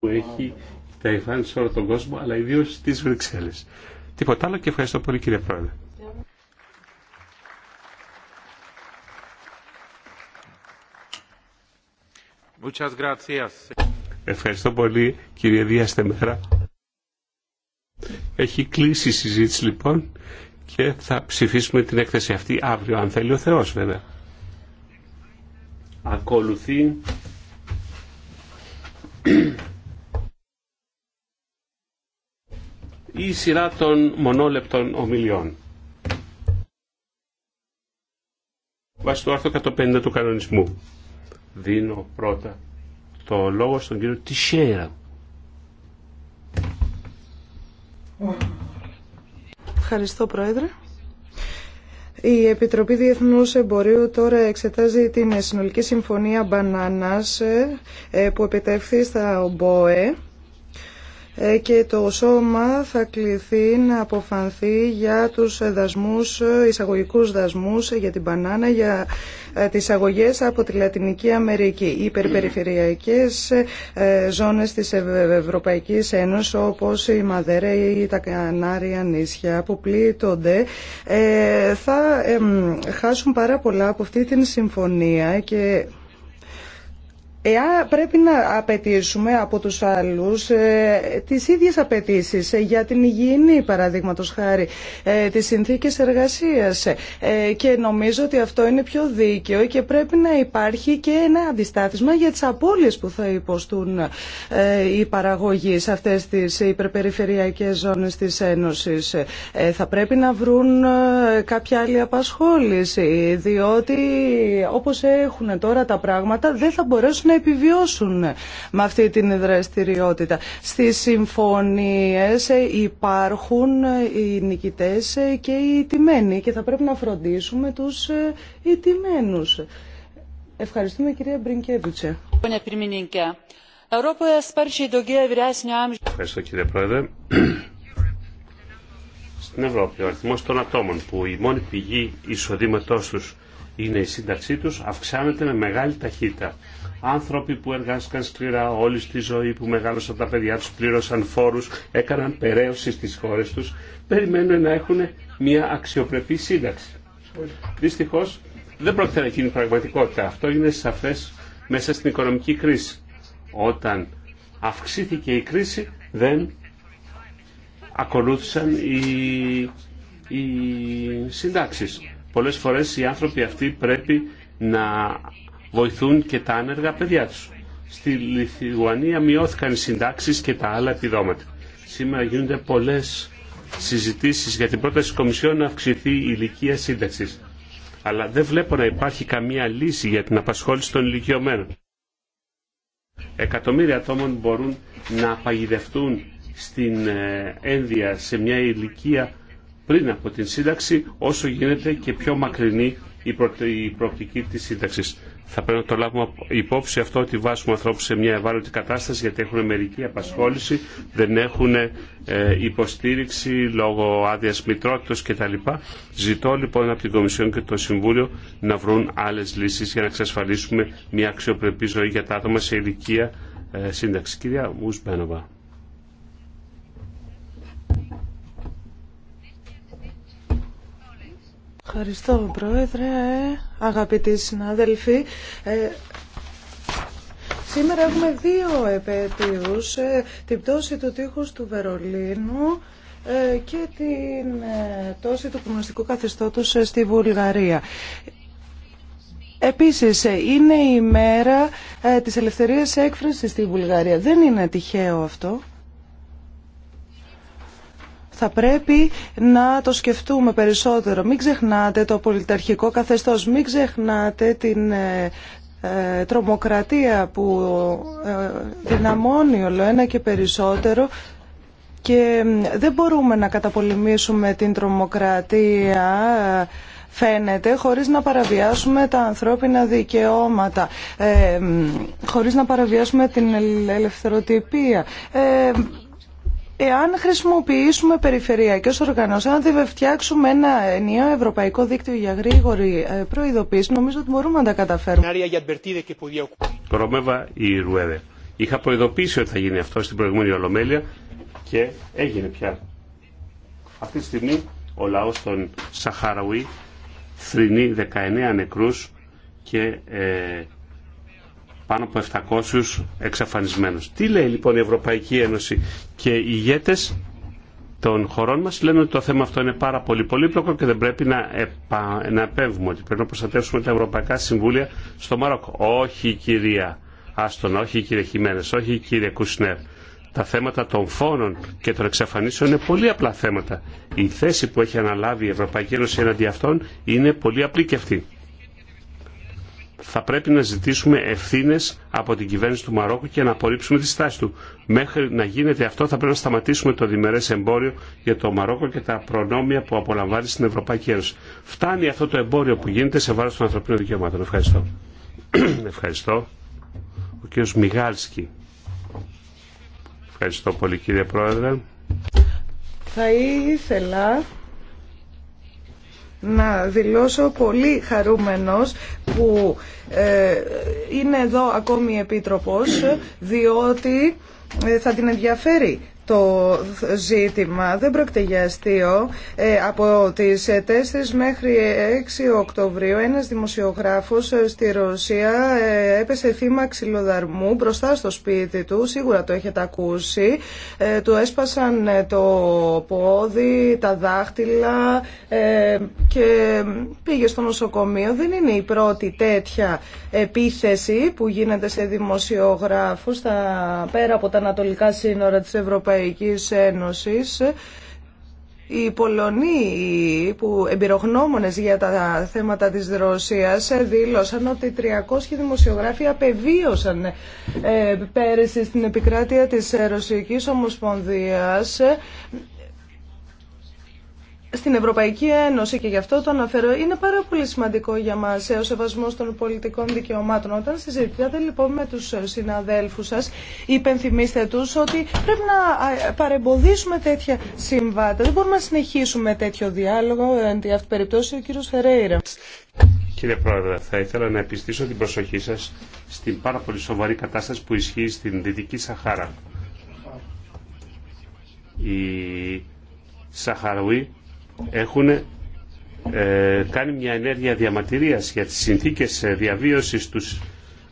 που έχει τα σε όλο τον κόσμο, αλλά ιδίω στι Βρυξέλλε. Τίποτα άλλο και ευχαριστώ πολύ κύριε Πρόεδρε. Ευχαριστώ πολύ κύριε Δία Μέρα. Έχει κλείσει η συζήτηση λοιπόν και θα ψηφίσουμε την έκθεση αυτή αύριο αν θέλει ο Θεός βέβαια. Ακολουθεί η σειρά των μονόλεπτων ομιλιών. Βάσει το άρθρο 150 του κανονισμού. Δίνω πρώτα το λόγο στον κύριο Τισέρα. Ευχαριστώ Πρόεδρε. Η Επιτροπή Διεθνούς Εμπορίου τώρα εξετάζει την συνολική συμφωνία μπανάνας ε, που επιτεύχθη στα ΟΜΠΟΕ ε, και το σώμα θα κληθεί να αποφανθεί για τους δασμούς, εισαγωγικούς δασμούς για την μπανάνα, για ε, τις αγωγές από τη Λατινική Αμερική. Οι υπερπεριφερειακές ε, ζώνες της Ευρωπαϊκής Ένωσης όπως η Μαδέρα ή τα Κανάρια νησιά που πλήττονται θα χάσουν πάρα πολλά από αυτή την συμφωνία και Εάν πρέπει να απαιτήσουμε από τους άλλους ε, τις ίδιες απαιτήσεις ε, για την υγιεινή παραδείγματο χάρη, ε, τις συνθήκες εργασίας ε, και νομίζω ότι αυτό είναι πιο δίκαιο και πρέπει να υπάρχει και ένα αντιστάθισμα για τις απώλειες που θα υποστούν ε, οι παραγωγοί σε αυτές τις υπερπεριφερειακές ζώνες της Ένωσης. θα πρέπει να βρουν κάποια άλλη απασχόληση, διότι όπως έχουν τώρα τα πράγματα δεν θα μπορέσουν να επιβιώσουν με αυτή την δραστηριότητα. Στις συμφωνίες υπάρχουν οι νικητές και οι τιμένοι και θα πρέπει να φροντίσουμε τους ιτημένους. Ευχαριστούμε κυρία Μπρινκέβιτσε. Ευχαριστώ κύριε Πρόεδρε. Στην Ευρώπη ο αριθμός των ατόμων που η μόνη πηγή εισοδήματός τους είναι η σύνταξή τους αυξάνεται με μεγάλη ταχύτητα. Άνθρωποι που εργάστηκαν σκληρά όλη τη ζωή, που μεγάλωσαν τα παιδιά τους, πλήρωσαν φόρους, έκαναν περαίωση στις χώρες τους, περιμένουν να έχουν μια αξιοπρεπή σύνταξη. Δυστυχώς δεν πρόκειται να γίνει πραγματικότητα. Αυτό είναι σαφές μέσα στην οικονομική κρίση. Όταν αυξήθηκε η κρίση δεν ακολούθησαν οι, οι συντάξεις πολλές φορές οι άνθρωποι αυτοί πρέπει να βοηθούν και τα άνεργα παιδιά τους. Στη Λιθουανία μειώθηκαν οι συντάξεις και τα άλλα επιδόματα. Σήμερα γίνονται πολλές συζητήσεις για την πρόταση της Κομισιόν να αυξηθεί η ηλικία σύνταξης. Αλλά δεν βλέπω να υπάρχει καμία λύση για την απασχόληση των ηλικιωμένων. Εκατομμύρια ατόμων μπορούν να παγιδευτούν στην ε, ένδια σε μια ηλικία πριν από την σύνταξη όσο γίνεται και πιο μακρινή η, προ... η προοπτική της σύνταξης. Θα πρέπει να το λάβουμε υπόψη αυτό ότι βάζουμε ανθρώπους σε μια ευάλωτη κατάσταση γιατί έχουν μερική απασχόληση, δεν έχουν ε, υποστήριξη λόγω άδεια μητρότητα κτλ. Ζητώ λοιπόν από την Κομισιόν και το Συμβούλιο να βρουν άλλες λύσεις για να εξασφαλίσουμε μια αξιοπρεπή ζωή για τα άτομα σε ηλικία ε, σύνταξη. Κυρία Μουσμπένοβα. Ευχαριστώ, Πρόεδρε. Ε, αγαπητοί συνάδελφοι, ε, σήμερα έχουμε δύο επέτειους, ε, την πτώση του τείχους του Βερολίνου και την πτώση του κομμουνιστικού καθεστώτος στη Βουλγαρία. Επίσης, είναι η μέρα της ελευθερίας έκφρασης στη Βουλγαρία. Δεν είναι τυχαίο αυτό θα πρέπει να το σκεφτούμε περισσότερο. Μην ξεχνάτε το πολιταρχικό καθεστώς, μην ξεχνάτε την ε, ε, τρομοκρατία που ε, δυναμώνει όλο ένα και περισσότερο και δεν μπορούμε να καταπολεμήσουμε την τρομοκρατία φαίνεται χωρίς να παραβιάσουμε τα ανθρώπινα δικαιώματα, ε, χωρίς να παραβιάσουμε την ελευθεροτυπία. Εάν χρησιμοποιήσουμε περιφερειακέ οργανώσει, αν δεν φτιάξουμε ένα νέο ευρωπαϊκό δίκτυο για γρήγορη ε, προειδοποίηση, νομίζω ότι μπορούμε να τα καταφέρουμε. Κορομέβα ή Ρουέδε. Είχα προειδοποίησει ότι θα γίνει αυτό στην προηγούμενη Ολομέλεια και έγινε πια. Αυτή τη στιγμή ο λαό των Σαχαραουί θρυνεί 19 νεκρούς και ε, πάνω από 700 εξαφανισμένους. Τι λέει λοιπόν η Ευρωπαϊκή Ένωση και οι ηγέτες των χωρών μας λένε ότι το θέμα αυτό είναι πάρα πολύ πολύπλοκο και δεν πρέπει να, επα... να επέμβουμε, ότι πρέπει να προστατεύσουμε τα Ευρωπαϊκά Συμβούλια στο Μαρόκο. Όχι κυρία Άστον, όχι κύριε Χιμένες, όχι κύριε Κουσνέρ. Τα θέματα των φόνων και των εξαφανίσεων είναι πολύ απλά θέματα. Η θέση που έχει αναλάβει η Ευρωπαϊκή Ένωση εναντί αυτών είναι πολύ απλή και αυτή θα πρέπει να ζητήσουμε ευθύνε από την κυβέρνηση του Μαρόκου και να απορρίψουμε τη στάση του. Μέχρι να γίνεται αυτό θα πρέπει να σταματήσουμε το διμερές εμπόριο για το Μαρόκο και τα προνόμια που απολαμβάνει στην Ευρωπαϊκή Ένωση. Φτάνει αυτό το εμπόριο που γίνεται σε βάρο των ανθρωπίνων δικαιωμάτων. Ευχαριστώ. Ευχαριστώ. Ο κ. Μιγάλσκι. Ευχαριστώ πολύ κύριε Πρόεδρε. Θα ήθελα να δηλώσω πολύ χαρούμενος που ε, είναι εδώ ακόμη η Επίτροπος διότι ε, θα την ενδιαφέρει το ζήτημα. Δεν πρόκειται για αστείο. Ε, από τις 4 μέχρι 6 Οκτωβρίου ένας δημοσιογράφος ε, στη Ρωσία ε, έπεσε θύμα ξυλοδαρμού μπροστά στο σπίτι του. Σίγουρα το έχετε ακούσει. του έσπασαν το πόδι, τα δάχτυλα και πήγε στο νοσοκομείο. Δεν είναι η πρώτη τέτοια επίθεση που γίνεται σε δημοσιογράφους στα, πέρα από τα ανατολικά σύνορα της Ευρωπαϊκής Ευρωπαϊκής Ένωσης οι Πολωνοί που εμπειρογνώμονες για τα θέματα της Ρωσίας δήλωσαν ότι 300 δημοσιογράφοι απεβίωσαν ε, πέρυσι στην επικράτεια της Ρωσικής Ομοσπονδίας στην Ευρωπαϊκή Ένωση και γι' αυτό το αναφέρω, είναι πάρα πολύ σημαντικό για μας ε, ο σεβασμό των πολιτικών δικαιωμάτων. Όταν συζητάτε λοιπόν με του ε, συναδέλφου σα, υπενθυμίστε του ότι πρέπει να παρεμποδίσουμε τέτοια συμβάτα. Δεν μπορούμε να συνεχίσουμε τέτοιο διάλογο, εν τη αυτή περιπτώσει ο κύριο Φερέιρα. Κύριε Πρόεδρε, θα ήθελα να επιστήσω την προσοχή σα στην πάρα πολύ σοβαρή κατάσταση που ισχύει στην Δυτική Σαχάρα. Η Σαχαρουή έχουν ε, κάνει μια ενέργεια διαματηρίας για τις συνθήκες ε, διαβίωσης τους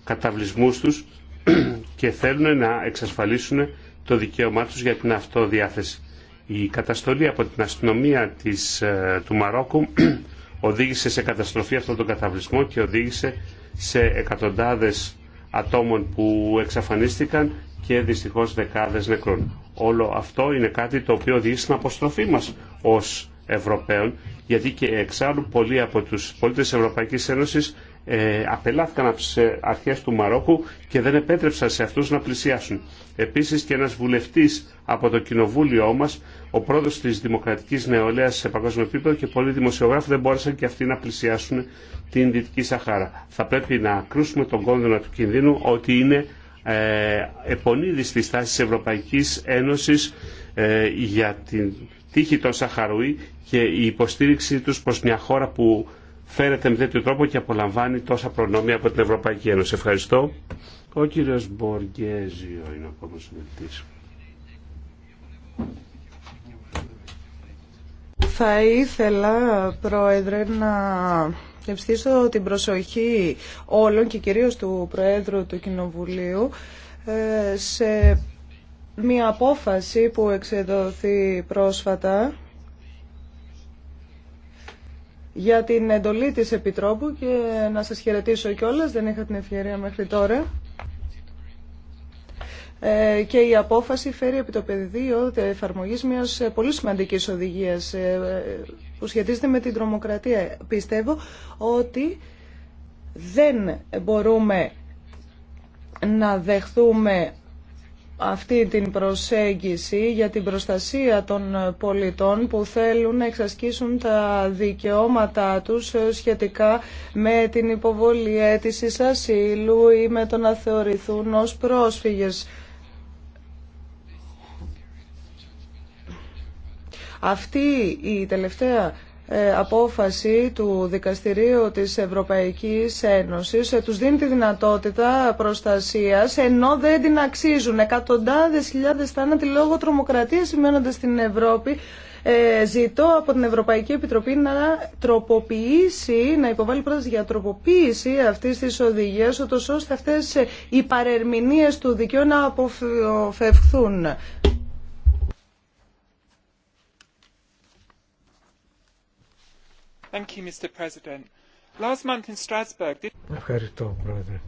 καταβλισμούς τους και θέλουν να εξασφαλίσουν το δικαίωμά τους για την αυτοδιάθεση. Η καταστολή από την αστυνομία της, ε, του Μαρόκου οδήγησε σε καταστροφή αυτόν τον καταβλισμό και οδήγησε σε εκατοντάδες ατόμων που εξαφανίστηκαν και δυστυχώς δεκάδες νεκρών. Όλο αυτό είναι κάτι το οποίο οδηγεί στην αποστροφή μας ως Ευρωπαίων, γιατί και εξάλλου πολλοί από τους πολίτες της Ευρωπαϊκής Ένωσης ε, απελάθηκαν από τις ε, αρχές του Μαρόκου και δεν επέτρεψαν σε αυτούς να πλησιάσουν. Επίσης και ένας βουλευτής από το κοινοβούλιο μας, ο πρόεδρος της Δημοκρατικής Νεολαίας σε παγκόσμιο επίπεδο και πολλοί δημοσιογράφοι δεν μπόρεσαν και αυτοί να πλησιάσουν την Δυτική Σαχάρα. Θα πρέπει να κρούσουμε τον κόνδυνα του κινδύνου ότι είναι ε, επονίδη της στάση Ευρωπαϊκής Ένωσης ε, για την τύχη τόσα χαρούι και η υποστήριξή τους προς μια χώρα που φέρεται με τέτοιο τρόπο και απολαμβάνει τόσα προνόμια από την Ευρωπαϊκή Ένωση. Ευχαριστώ. Ο κύριος Μποργέζιο είναι ακόμα επόμενος Θα ήθελα, Πρόεδρε, να ευστήσω την προσοχή όλων και κυρίως του Προέδρου του Κοινοβουλίου ε, σε μία απόφαση που εξεδοθεί πρόσφατα για την εντολή της Επιτρόπου και να σας χαιρετήσω κιόλας, δεν είχα την ευκαιρία μέχρι τώρα. Ε, και η απόφαση φέρει επί το πεδίο εφαρμογής μιας πολύ σημαντικής οδηγίας ε, που σχετίζεται με την τρομοκρατία. Πιστεύω ότι δεν μπορούμε να δεχθούμε αυτή την προσέγγιση για την προστασία των πολιτών που θέλουν να εξασκήσουν τα δικαιώματά τους σχετικά με την υποβολή αίτησης ασύλου ή με το να θεωρηθούν ως πρόσφυγες. Αυτή η τελευταία ε, απόφαση του Δικαστηρίου της Ευρωπαϊκής Ένωσης ε, τους δίνει τη δυνατότητα προστασίας ενώ δεν την αξίζουν. Εκατοντάδες χιλιάδες θάνατοι λόγω τρομοκρατίας σημαίνονται στην Ευρώπη. Ε, ζητώ από την Ευρωπαϊκή Επιτροπή να τροποποιήσει, να υποβάλει πρόταση για τροποποίηση αυτή της οδηγίας, ώστε αυτέ οι παρερμηνίε του δικαίου να αποφευχθούν. Thank you, Mr. President. Last Ευχαριστώ, Πρόεδρε.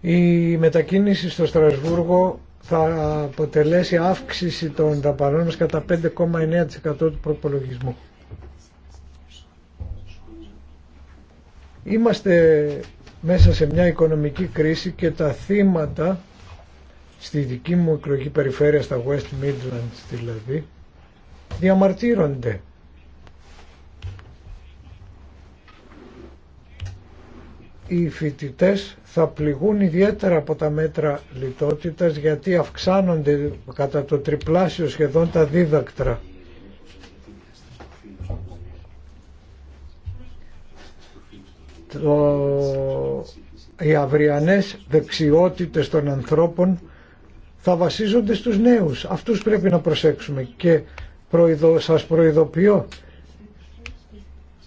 Η μετακίνηση στο Στρασβούργο θα αποτελέσει αύξηση των δαπανών μας κατά 5,9% του προπολογισμού. Είμαστε μέσα σε μια οικονομική κρίση και τα θύματα στη δική μου εκλογική περιφέρεια, στα West Midlands δηλαδή, διαμαρτύρονται οι φοιτητέ θα πληγούν ιδιαίτερα από τα μέτρα λιτότητας γιατί αυξάνονται κατά το τριπλάσιο σχεδόν τα δίδακτρα. Το... Οι αυριανές δεξιότητες των ανθρώπων θα βασίζονται στους νέους. Αυτούς πρέπει να προσέξουμε και προειδο... σας προειδοποιώ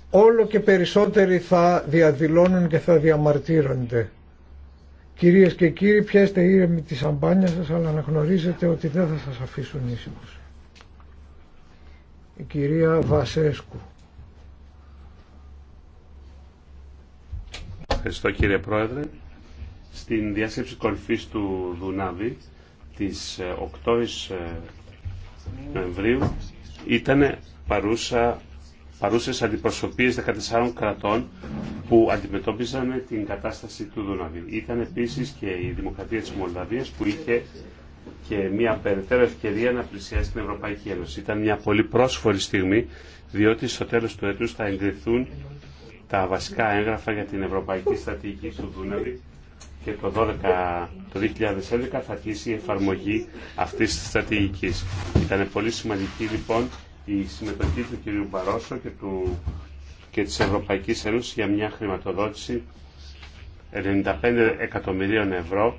όλο και περισσότεροι θα διαδηλώνουν και θα διαμαρτύρονται. Κυρίες και κύριοι, πιέστε ήρεμοι τη σαμπάνια σας, αλλά να γνωρίζετε ότι δεν θα σας αφήσουν ήσυχους. Η κυρία Βασέσκου. Ευχαριστώ κύριε Πρόεδρε. Στην διάσκεψη κορυφής του Δουνάβη της 8 ε, ε, Νοεμβρίου ήταν παρούσα Παρούσε αντιπροσωπείε 14 κρατών που αντιμετώπιζαν την κατάσταση του Δούναβη. Ήταν επίση και η Δημοκρατία τη Μολδαβία, που είχε και μια περαιτέρω ευκαιρία να πλησιάσει την Ευρωπαϊκή Ένωση. Ήταν μια πολύ πρόσφορη στιγμή, διότι στο τέλο του έτου θα εγκριθούν τα βασικά έγγραφα για την Ευρωπαϊκή Στρατηγική του Δούναβη και το, 12, το 2011 θα αρχίσει η εφαρμογή αυτής της στρατηγικής. Ήταν πολύ σημαντική λοιπόν η συμμετοχή του κ. Μπαρόσο και, του, και της Ευρωπαϊκής Ένωσης για μια χρηματοδότηση 95 εκατομμυρίων ευρώ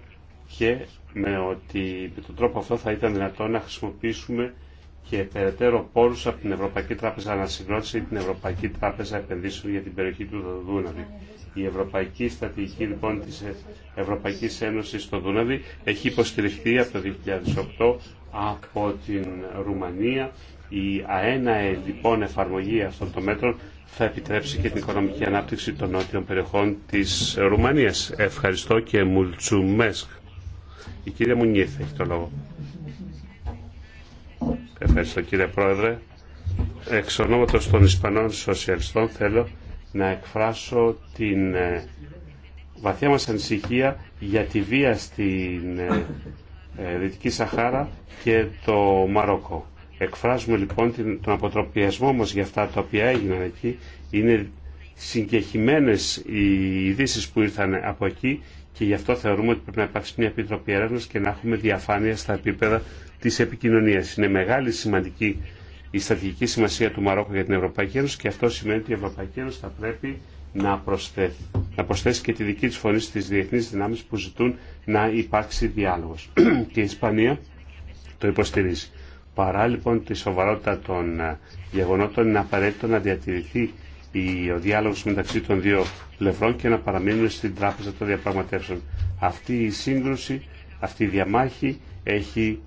και με ότι με τον τρόπο αυτό θα ήταν δυνατό να χρησιμοποιήσουμε και περαιτέρω πόρους από την Ευρωπαϊκή Τράπεζα Ανασυγκρότηση ή την Ευρωπαϊκή Τράπεζα Επενδύσεων για την περιοχή του Δούναβη. Η Ευρωπαϊκή Στατική λοιπόν της Ευρωπαϊκής Ένωσης στο Δούναβη έχει υποστηριχθεί από το 2008 από την Ρουμανία, η αέναε λοιπόν εφαρμογή αυτών των μέτρων θα επιτρέψει και την οικονομική ανάπτυξη των νότιων περιοχών της Ρουμανίας. Ευχαριστώ και Μουλτσουμέσκ. Η κυρία Μουνίθ έχει το λόγο. Ευχαριστώ κύριε Πρόεδρε. Εξ ονόματος των Ισπανών Σοσιαλιστών θέλω να εκφράσω την ε, βαθιά μας ανησυχία για τη βία στην ε, ε, Δυτική Σαχάρα και το Μαρόκο. Εκφράζουμε λοιπόν τον αποτροπιασμό μας για αυτά τα οποία έγιναν εκεί. Είναι συγκεχημένες οι ειδήσει που ήρθαν από εκεί και γι' αυτό θεωρούμε ότι πρέπει να υπάρξει μια επιτροπή έρευνα και να έχουμε διαφάνεια στα επίπεδα της επικοινωνίας. Είναι μεγάλη σημαντική η στρατηγική σημασία του Μαρόκου για την Ευρωπαϊκή Ένωση και αυτό σημαίνει ότι η Ευρωπαϊκή Ένωση θα πρέπει να προσθέσει, να προσθέσει και τη δική της φωνή στις διεθνείς δυνάμεις που ζητούν να υπάρξει διάλογος. και η Ισπανία το υποστηρίζει. Παρά λοιπόν τη σοβαρότητα των ε, γεγονότων είναι απαραίτητο να διατηρηθεί ο διάλογος μεταξύ των δύο πλευρών και να παραμείνουν στην τράπεζα των διαπραγματεύσεων. Αυτή η σύγκρουση, αυτή η διαμάχη έχει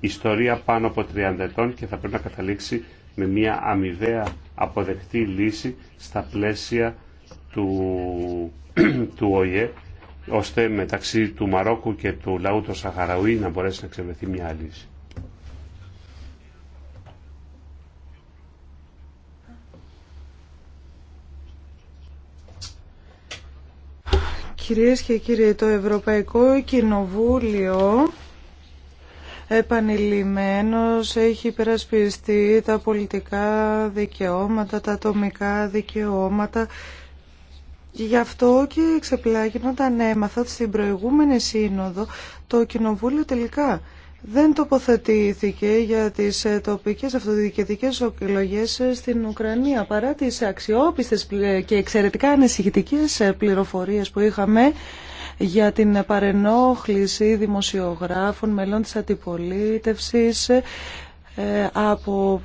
ιστορία πάνω από 30 ετών και θα πρέπει να καταλήξει με μια αμοιβαία αποδεκτή λύση στα πλαίσια του, του ΟΗΕ ώστε μεταξύ του Μαρόκου και του λαού του Σαχαραουή να μπορέσει να εξευρεθεί μια λύση. Κυρίες και κύριοι, το Ευρωπαϊκό Κοινοβούλιο επανειλημμένος έχει υπερασπιστεί τα πολιτικά δικαιώματα, τα ατομικά δικαιώματα. Γι' αυτό και εξεπλάγει όταν έμαθα στην προηγούμενη σύνοδο το Κοινοβούλιο τελικά δεν τοποθετήθηκε για τις ε, τοπικές αυτοδιοικητικές εκλογές ε, στην Ουκρανία παρά τις αξιόπιστες ε, και εξαιρετικά ανησυχητικές πληροφορίες που είχαμε για την παρενόχληση δημοσιογράφων, μελών της αντιπολίτευσης από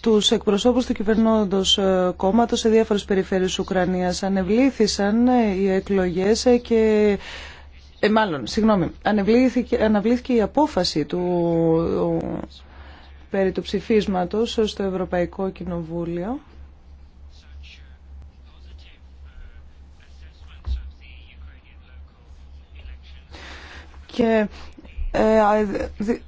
τους εκπροσώπους του κυβερνώντος κόμματος σε διάφορες περιφέρειες Ουκρανίας. Ανεβλήθησαν οι εκλογές και ε, μάλλον, συγγνώμη, αναβλήθηκε η απόφαση του, περί του ψηφίσματος στο Ευρωπαϊκό Κοινοβούλιο. Και ε, δι...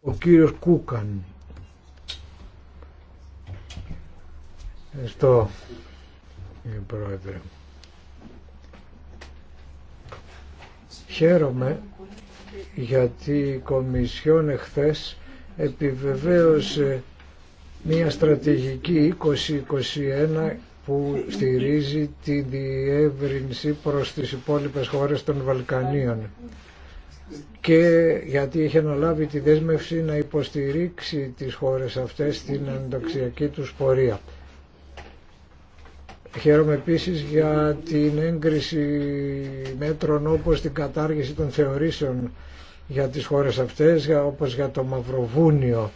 Ο κύριος Κούκαν. Ευχαριστώ, κύριε Πρόεδρε. Χαίρομαι γιατί η Κομισιόν εχθές επιβεβαίωσε μια στρατηγική 2021 που στηρίζει τη διεύρυνση προς τις υπόλοιπες χώρες των Βαλκανίων και γιατί είχε αναλάβει τη δέσμευση να υποστηρίξει τις χώρες αυτές στην ενταξιακή τους πορεία. Χαίρομαι επίσης για την έγκριση μέτρων όπως την κατάργηση των θεωρήσεων για τις χώρες αυτές, για, όπως για το Μαυροβούνιο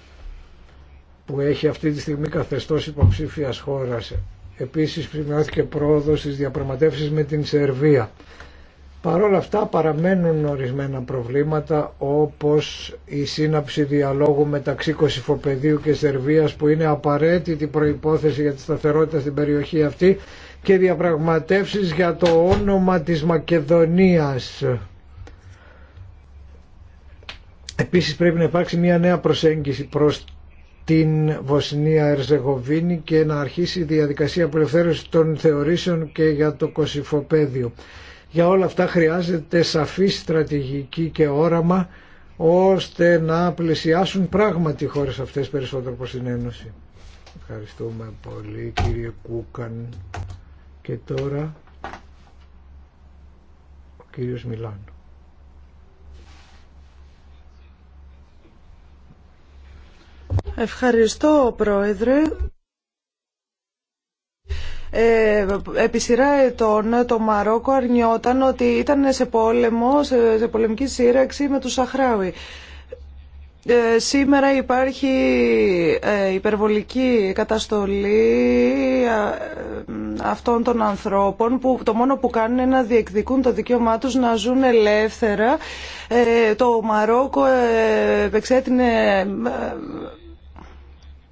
που έχει αυτή τη στιγμή καθεστώς υποψήφιας χώρας. Επίσης σημειώθηκε πρόοδος στι διαπραγματεύσεις με την Σερβία Παρ' όλα αυτά παραμένουν ορισμένα προβλήματα όπως η σύναψη διαλόγου μεταξύ Κωσυφοπεδίου και Σερβίας που είναι απαραίτητη προϋπόθεση για τη σταθερότητα στην περιοχή αυτή και διαπραγματεύσεις για το όνομα της Μακεδονίας. Επίσης πρέπει να υπάρξει μια νέα προσέγγιση προς την Βοσνία Ερζεγοβίνη και να αρχίσει η διαδικασία απελευθέρωση των θεωρήσεων και για το Κωσυφοπέδιο. Για όλα αυτά χρειάζεται σαφή στρατηγική και όραμα ώστε να πλησιάσουν πράγματι οι χώρες αυτές περισσότερο προς την Ένωση. Ευχαριστούμε πολύ κύριε Κούκαν. Και τώρα ο κύριος Μιλάνο. Ευχαριστώ πρόεδρε. Ε, επί σειρά ετών το Μαρόκο αρνιόταν ότι ήταν σε πόλεμο, σε, πολεμική σύραξη με τους Σαχράουι. Ε, σήμερα υπάρχει ε, υπερβολική καταστολή αυτών των ανθρώπων που το μόνο που κάνουν είναι να διεκδικούν το δικαίωμά τους να ζουν ελεύθερα. Ε, το Μαρόκο επεξέτεινε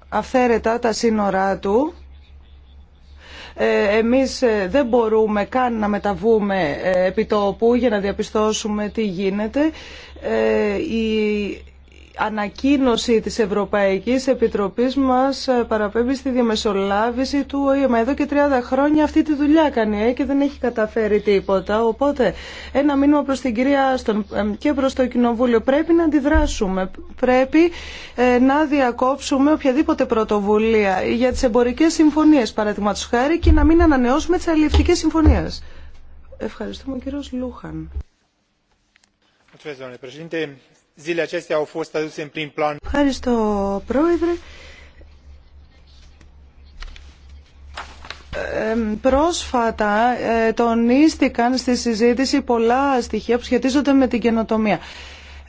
αυθαίρετα τα σύνορά του ε, εμείς ε, δεν μπορούμε καν να μεταβούμε ε, επί επιτόπου για να διαπιστώσουμε τι γίνεται ανακοίνωση της Ευρωπαϊκής Επιτροπής μας ε, παραπέμπει στη διαμεσολάβηση του ΟΗΕ. Εδώ και 30 χρόνια αυτή τη δουλειά κάνει ε, και δεν έχει καταφέρει τίποτα. Οπότε ένα μήνυμα προς την κυρία Άστον και προς το Κοινοβούλιο. Πρέπει να αντιδράσουμε. Πρέπει ε, να διακόψουμε οποιαδήποτε πρωτοβουλία για τις εμπορικές συμφωνίες παραδείγματος χάρη και να μην ανανεώσουμε τις αλληλευτικές συμφωνίες. Ευχαριστούμε κύριος Λούχαν. Zilele acestea au fost aduse în prim plan. Ευχαριστώ, Πρόεδρε. πρόσφατα ε, τονίστηκαν στη συζήτηση πολλά στοιχεία που σχετίζονται με την καινοτομία.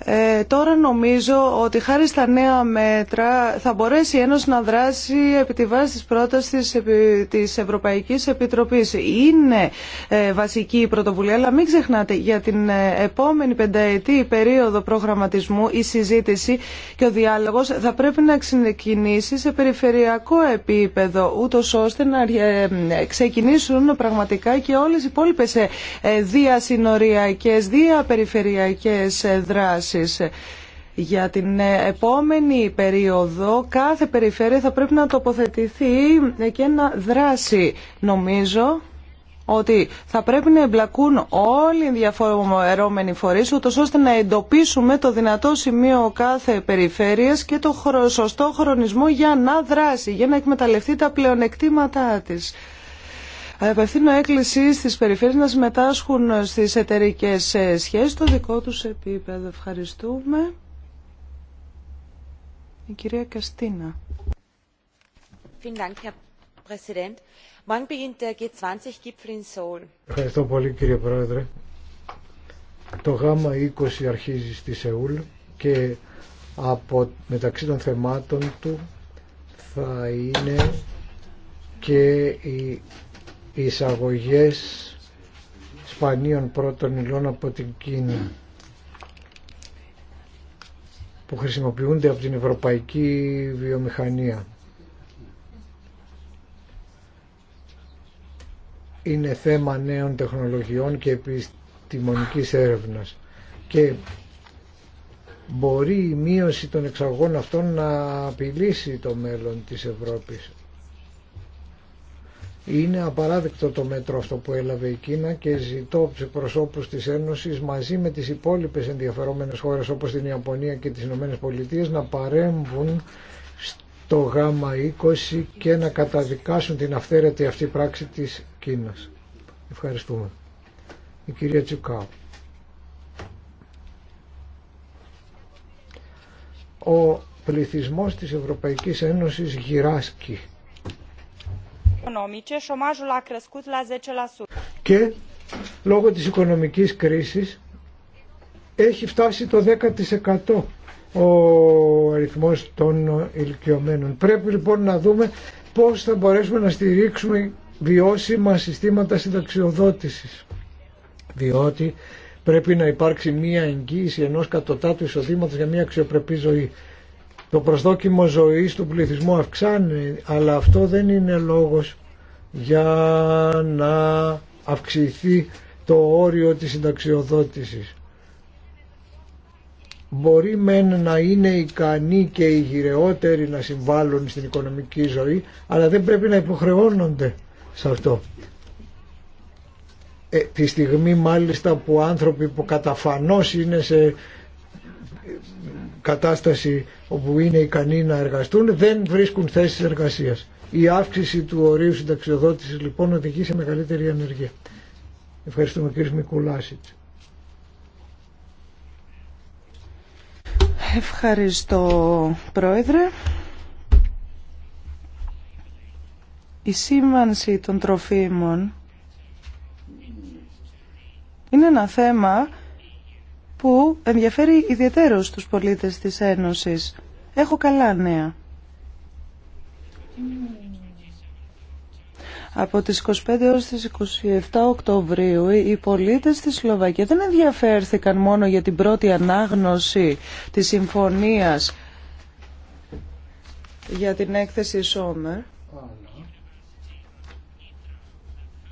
Ε, τώρα νομίζω ότι χάρη στα νέα μέτρα θα μπορέσει η Ένωση να δράσει επί τη βάση της πρότασης της Ευρωπαϊκής Επιτροπής. Είναι ε, βασική η πρωτοβουλία, αλλά μην ξεχνάτε για την ε, επόμενη πενταετή περίοδο προγραμματισμού η συζήτηση και ο διάλογος θα πρέπει να ξεκινήσει σε περιφερειακό επίπεδο, ούτω ώστε να ε, ξεκινήσουν πραγματικά και όλες οι υπόλοιπες διασυνοριακές, διαπεριφερειακές δράσεις. Για την επόμενη περίοδο κάθε περιφέρεια θα πρέπει να τοποθετηθεί και να δράσει. Νομίζω ότι θα πρέπει να εμπλακούν όλοι οι διαφορετικοί φορείς ώστε να εντοπίσουμε το δυνατό σημείο κάθε περιφέρειας και το σωστό χρονισμό για να δράσει, για να εκμεταλλευτεί τα πλεονεκτήματά της. Ε, απευθύνω έκκληση στις περιφέρειες να συμμετάσχουν στις εταιρικές ε, σχέσεις στο δικό τους επίπεδο. Ευχαριστούμε. Η κυρία Καστίνα. Ευχαριστώ πολύ κύριε Πρόεδρε. Το ΓΑΜΑ 20 αρχίζει στη Σεούλ και από μεταξύ των θεμάτων του θα είναι και η οι εισαγωγές σπανίων πρώτων υλών από την Κίνα που χρησιμοποιούνται από την ευρωπαϊκή βιομηχανία. Είναι θέμα νέων τεχνολογιών και επιστημονικής έρευνας και μπορεί η μείωση των εξαγών αυτών να απειλήσει το μέλλον της Ευρώπης είναι απαράδεκτο το μέτρο αυτό που έλαβε η Κίνα και ζητώ του προσώπους της Ένωσης μαζί με τις υπόλοιπες ενδιαφερόμενες χώρες όπως την Ιαπωνία και τις Ηνωμένες Πολιτείες να παρέμβουν στο γάμα 20 και να καταδικάσουν την αυθαίρετη αυτή πράξη της Κίνας. Ευχαριστούμε. Η κυρία Τσουκάου. Ο πληθυσμός της Ευρωπαϊκής Ένωσης γυράσκει και λόγω της οικονομικής κρίσης έχει φτάσει το 10% ο αριθμός των ηλικιωμένων. Πρέπει λοιπόν να δούμε πώς θα μπορέσουμε να στηρίξουμε βιώσιμα συστήματα συνταξιοδότησης. Διότι πρέπει να υπάρξει μία εγγύηση ενός κατωτάτου εισοδήματος για μία αξιοπρεπή ζωή. Το προσδόκιμο ζωής του πληθυσμού αυξάνει, αλλά αυτό δεν είναι λόγος για να αυξηθεί το όριο της συνταξιοδότησης. Μπορεί μεν να είναι ικανοί και οι γυρεότεροι να συμβάλλουν στην οικονομική ζωή, αλλά δεν πρέπει να υποχρεώνονται σε αυτό. Ε, τη στιγμή μάλιστα που άνθρωποι που καταφανώς είναι σε κατάσταση όπου είναι ικανοί να εργαστούν δεν βρίσκουν θέσεις εργασίας. Η αύξηση του ορίου συνταξιοδότησης λοιπόν οδηγεί σε μεγαλύτερη ανεργία. Ευχαριστούμε κύριε Μικουλάσιτς. Ευχαριστώ Πρόεδρε. Η σήμανση των τροφίμων είναι ένα θέμα που ενδιαφέρει ιδιαίτερος τους πολίτες της Ένωσης. Έχω καλά νέα. Από τις 25 έως τις 27 Οκτωβρίου οι πολίτες της Σλοβακία δεν ενδιαφέρθηκαν μόνο για την πρώτη ανάγνωση της συμφωνίας για την έκθεση Σόμερ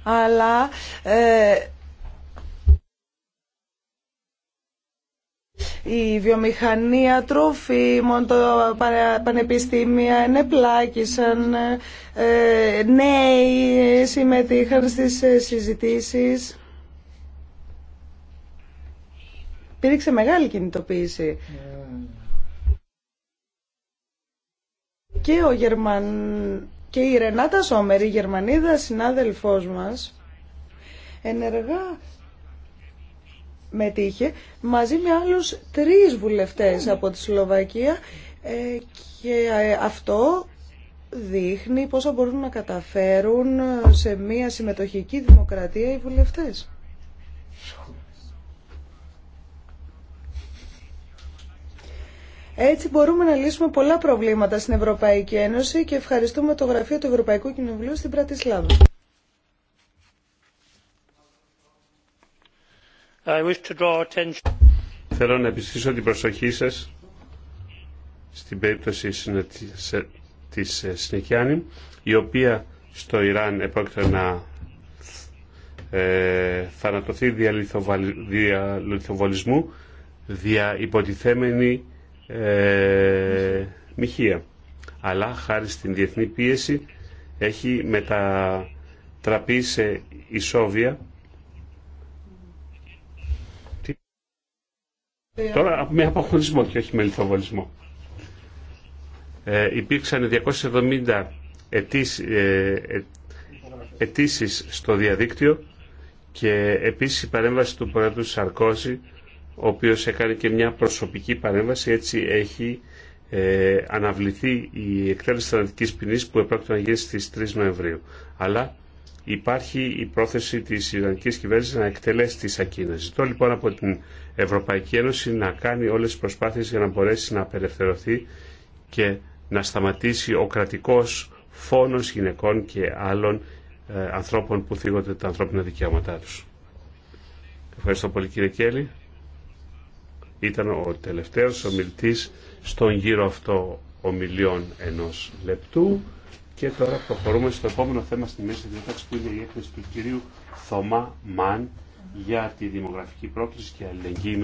αλλά ε, Η βιομηχανία τροφίμων, το πανεπιστήμια ενεπλάκησαν, ε, νέοι συμμετείχαν στις ε, συζητήσεις. πήρεξε μεγάλη κινητοποίηση. Και, ο Γερμαν... και η Ρενάτα Σόμερη, η Γερμανίδα συνάδελφός μας, ενεργά μετήχε μαζί με άλλους τρεις βουλευτές από τη Σλοβακία ε, και ε, αυτό δείχνει πόσο μπορούν να καταφέρουν ε, σε μια συμμετοχική δημοκρατία οι βουλευτές. Έτσι μπορούμε να λύσουμε πολλά προβλήματα στην Ευρωπαϊκή Ένωση και ευχαριστούμε το Γραφείο του Ευρωπαϊκού Κοινοβουλίου στην Πρατισλάβα. Θέλω να επιστήσω την προσοχή σας στην περίπτωση της ε, Σνικιάνη, η οποία στο Ιράν επρόκειτο να ε, θανατωθεί δια, λιθοβολισμού δια υποτιθέμενη ε, μοιχεία. Αλλά χάρη στην διεθνή πίεση έχει μετατραπεί σε ισόβια Τώρα με αποχωρισμό και όχι με λιθοβολισμό. Ε, υπήρξαν 270 αιτήσει ε, ε, στο διαδίκτυο και επίσης η παρέμβαση του πρόεδρου Σαρκόζη ο οποίος έκανε και μια προσωπική παρέμβαση έτσι έχει ε, αναβληθεί η εκτέλεση θανατικής ποινής που επρόκειτο να γίνει στις 3 Νοεμβρίου. Αλλά υπάρχει η πρόθεση της Ιρανικής κυβέρνησης να εκτελέσει τις ακίνες. Ζητώ λοιπόν από την Ευρωπαϊκή Ένωση να κάνει όλες τις προσπάθειες για να μπορέσει να απελευθερωθεί και να σταματήσει ο κρατικός φόνος γυναικών και άλλων ε, ανθρώπων που θίγονται τα ανθρώπινα δικαιώματά τους. Ευχαριστώ πολύ κύριε Κέλλη. Ήταν ο τελευταίος ομιλητής στον γύρο αυτό ομιλιών ενός λεπτού. Και τώρα προχωρούμε στο επόμενο θέμα στη μέση διάταξη που είναι η έκθεση του κυρίου Θωμά Μαν για τη δημογραφική πρόκληση και αλληλεγγύη